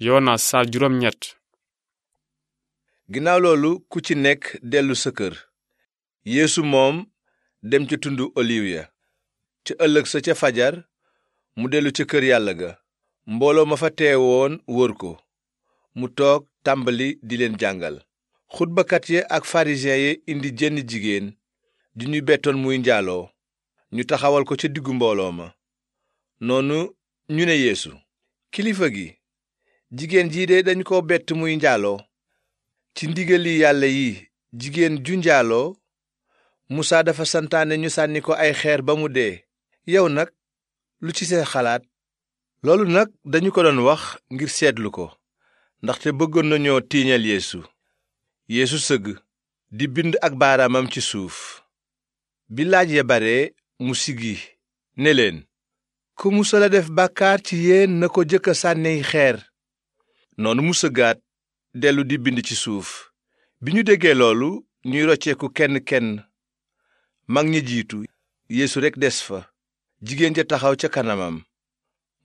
Yonaas saar juróom ñett ginnaaw loolu ku ci nekk dellu sa kër Yeesu moom dem ca tundu oliw ya ca ëllëg sa ca fajar mu dellu ca kër yàlla ga mbooloo ma fa teewoon wër ko mu toog tàmbali di leen jàngal xutbakat ya ak farisiyen ya indi jenn jigéen di ñu bettoon muy njaaloo ñu taxawal ko ca diggu mbooloo ma noonu ñu ne Yeesu kilifa gi jigéen jii de dañu ko bett muy njaaloo ci ndigali yàlla yi jigéen ju njaaloo musaa dafa santaane ñu sànni ko ay xeer ba mu dee yow nag lu ci seen xalaat loolu nag dañu ko doon wax ngir seetlu ko ndaxte bëggoon nañoo tiiñal yéesu yéesu sëgg di bind ak baaraamam ci suuf bi laaj ya bare mu siggi ne leen ku musa la def bàkkaar ci yéen na ko jëkk a sànni xeer noonu musa gaat dellu di bind ci suuf bi ñu déggee loolu ñuy rocceeku kenn kenn mag ñi jiitu yéesu rekk des fa jigéen ja taxaw ca kanamam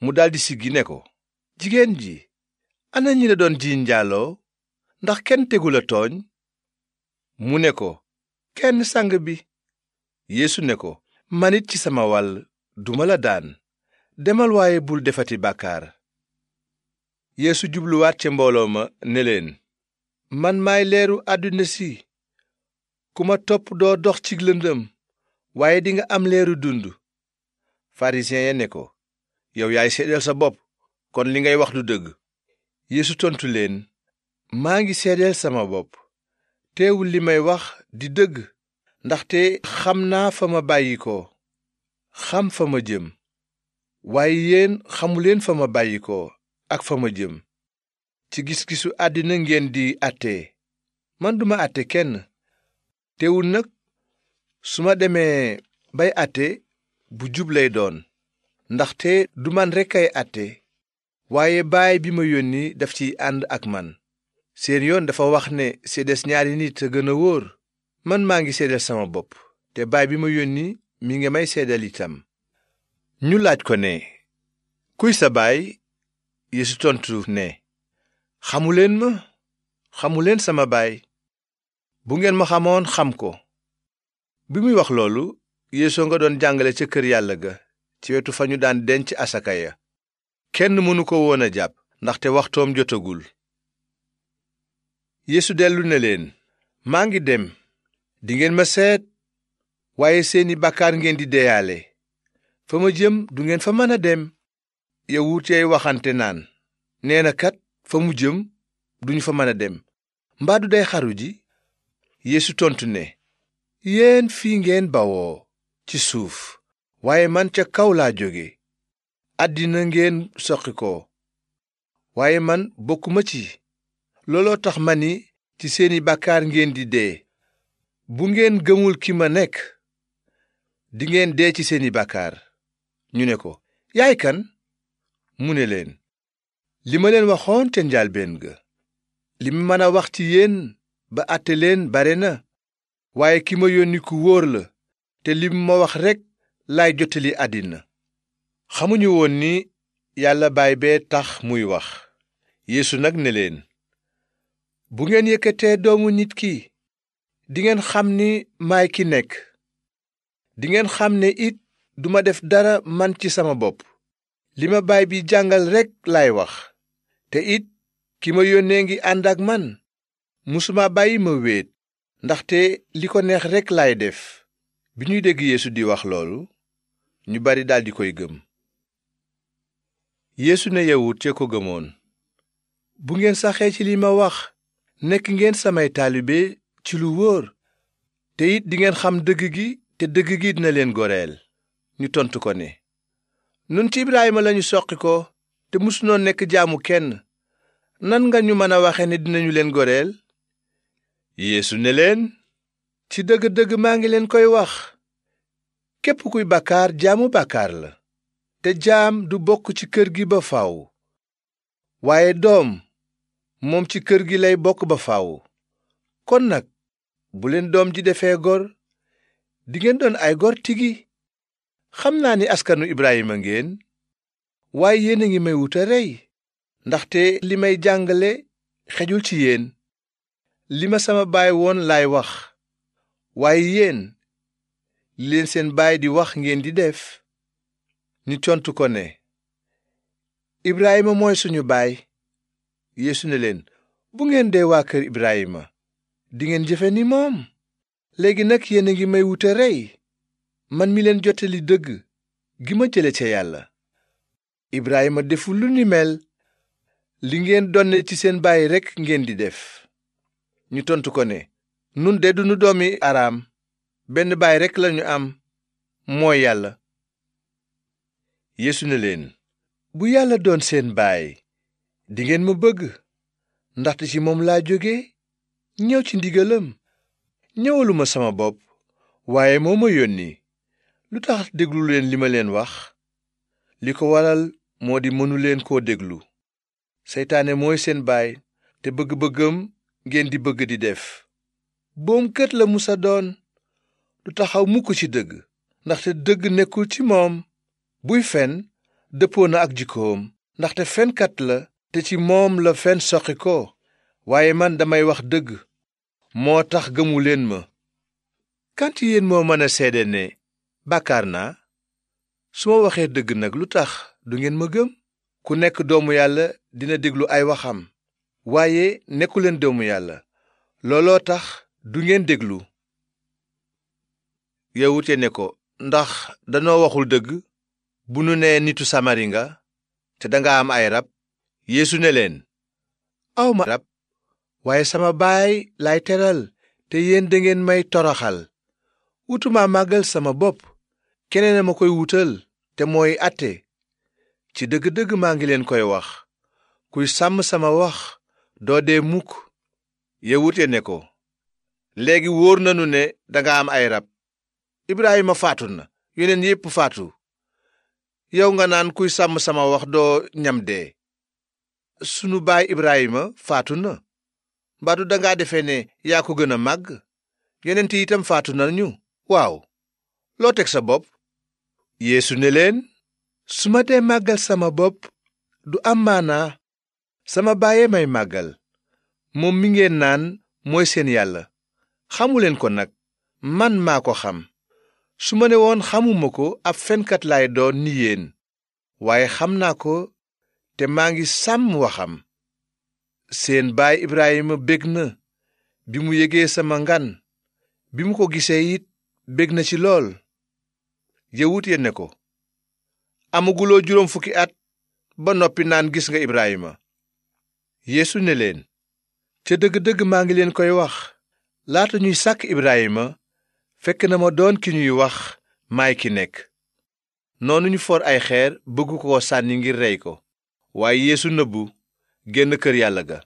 mu daldi siggi ne ko jigéen ji ana ñi la doon jiiñ njaaloo ndax kenn tegul la tooñ mu ne ko kenn sang bi yéesu ne ko man ci sama wàll duma la daan demal waaye bul defati bàkkaar yeesu jubluwaat ca mbooloo ma ne leen man maay leeru àdduna si ku ma topp doo dox ci lëndëm waaye dinga am leeru dund pharisien ya ne ko yow yaay seedeel sa bopp kon li ngay wax du dëgg yeesu tontu leen maa ngi seedeel sama bopp teewul li may wax di dëgg ndaxte xam naa fa ma bàyyi koo xam fa ma jëm waaye xamu leen fa ma bàyyi koo ak fa ma jëm ci gis-gisu àddina ngeen di àtte man duma àtte kenn teewul nag su ma demee bay àtte bu jub lay doon ndaxte du man rekk ay àtte waaye baay bi ma yónni daf ciy ànd ak man seen yoon dafa wax ne seedes ñaari nit a gën a wóor man maa ngi seedal sama bopp te baay bi ma yónni mi ngi may seedal itam ñu laaj ko ne kuy sa baay Yeesu tontu ne xamuleen ma xamuleen sama baay bu ngeen ma xamoon xam ko bi muy wax loolu Yeesu nga doon jàngale ca kër yàlla ga ci wetu fa ñu daan denc asaka ya kenn mënu ko woon a jàpp ndaxte waxtoom jotagul Yeesu dellu ne leen maa ngi dem dingeen ma seet waaye seeni bàkkaar ngeen di deyaale jëm du ngeen fa mën a dem yawut yay waxante naan nee na kat fa mu jëm duñu fa mën a dem mbaa du day xaru ji yéesu tontu ne yéen fii ngeen bawoo ci suuf waaye man ca kaw laa jóge àddina ngeen soqi ko waaye man bokkuma ci looloo tax ma ni ci seeni bàkkaar ngeen di dee bu ngeen gëmul ki ma nekk dingeen dee ci seeni bàkkaar ñu ne ko yaay kan mu ne leen li ma leen waxoon ca njaalbeen ga li ma mën a wax ci yéen ba àtte leen bare na waaye ki ma yónni ku wóor la te li ma wax rekk laay jottali àddina xamuñu woon ni yàlla baay bee tax muy wax yéesu nag ne leen bu ngeen yëkkatee doomu nit ki dingeen xam ni maay ki nekk dingeen xam ne it duma def dara man ci sama bopp li ma baay bi jàngal rekk laay wax te it ki ma yónnee ngi ànd ak man musuma bàyyi ma wéet ndaxte li ko neex rekk laay def bi ñuy dégg Yeesu di wax loolu ñu bari daldi koy gëm yéesu na yawut ya ko gëmoon bu ngeen saxee ci li ma wax nekk ngeen samay taalibe ci lu wóor te it dingeen xam dëgg gi te dëgg gi dina leen goreel ñu tontu ko ne nun ci Ibrahima lañu soqi ko te mësunoo nekk jaamu kenn nan nga ñu mën a waxe ni dinañu leen goreel yéesu ne leen ci dëgg-dëgg maa ngi leen koy wax képp kuy bakkaar jaamu bàkkaar la te jaam du bokk ci kër gi ba faw waaye doom moom ci kër gi lay bokk ba faw kon nag bu leen doom ji defee gor dingeen doon ay gor tigi xam naa ni askanu Ibrahima ngeen waaye yéen a ngi may wuta rey ndaxte li may jàngale xejul ci yéen li ma sama baay woon laay wax waaye yéen li leen seen baay di wax ngeen di def ñu tontu ko ne Ibrahima mooy suñu baay Yeesu ne leen bu ngeen dee waa kër Ibrahima dingeen jëfe ni moom léegi nag yéen a ngi may wuta rey man mi leen jottali dëgg gi ma jële ca yàlla Ibrahima deful lu ni mel li ngeen donne ci seen baay rekk ngeen di def ñu tontu ko ne nun de duñu doomi araam benn baay rekk lañu am mooy yàlla yeesu ne leen bu yàlla doon seen baay dingeen ma bëgg ndaxte ci moom laa jóge ñëw ci ndigalam ñëwaluma sama bopp waaye moo ma yónni lu tax déglu leen li ma leen wax li ko waral moo di mënu leen koo déglu seytaane mooy seen baay te bëgg-bëggam ngeen di bëgg di def boomkat la musa doon lu taxaw mukk ci dëgg ndaxte dëgg nekkul ci moom buy fen dëppoo na ak jikkoom ndaxte fenkat la te ci moom la fen soqi ko waaye man damay wax dëgg moo tax gëmu leen ma kant yéen moo mën a seede bàkkaar naa su ma waxee dëgg nag lu tax du ngeen ma gëm ku nekk doomu yàlla dina déglu ay waxam waaye nekkuleen doomu yàlla looloo tax du ngeen déglu yawut ya ne ko ndax danoo waxul dëgg bu nu nee nitu samari nga te danga am ay ràbb yeesu ne leen awma rab waaye sama baay lay teral te yéen dangeen may toroxal wutuma màggal sama bopp keneen a ma koy wutal te mooy àtte ci dëgg-dëgg maa ngi leen koy wax kuy sàmm sama wax doo dee mukk yawut ne ko léegi wóor nanu ne danga am ay rab ibrahima faatu na yeneen yépp faatu yow nga naan kuy sàmm sama wax doo ñam dee sunu baay ibrahima faatu na mbaadu dangaa defe ne yaa ko gën a màgg yonent itam faatu nañu waaw loo teg sa bopp yéesu ne leen su ma dee màggal sama bopp du am maanaa sama baaye may màggal moom mi ngeen naan mooy seen yàlla xamuleen ko nag man maa ko xam su ma ne woon xamuma ko ab fenkat lay doon ni yéen waaye xam naa ko te maa ngi sàmm waxam seen baay Ibrahima bég na bi mu yégee sama ngan bi mu ko gisee it bég na ci lool yëwut ya ne ko amaguloo juróom fukki at ba noppi naan gis nga Ibrahima yéesu ne leen ca dëgg-dëgg maa ngi leen koy wax laata ñuy sàkk Ibrahima fekk na ma doon ki ñuy wax maay ki nekk noonu ñu for ay xeer bëgg koo sànni ngir rey ko waaye Yeesu nëbbu génn kër yàlla ga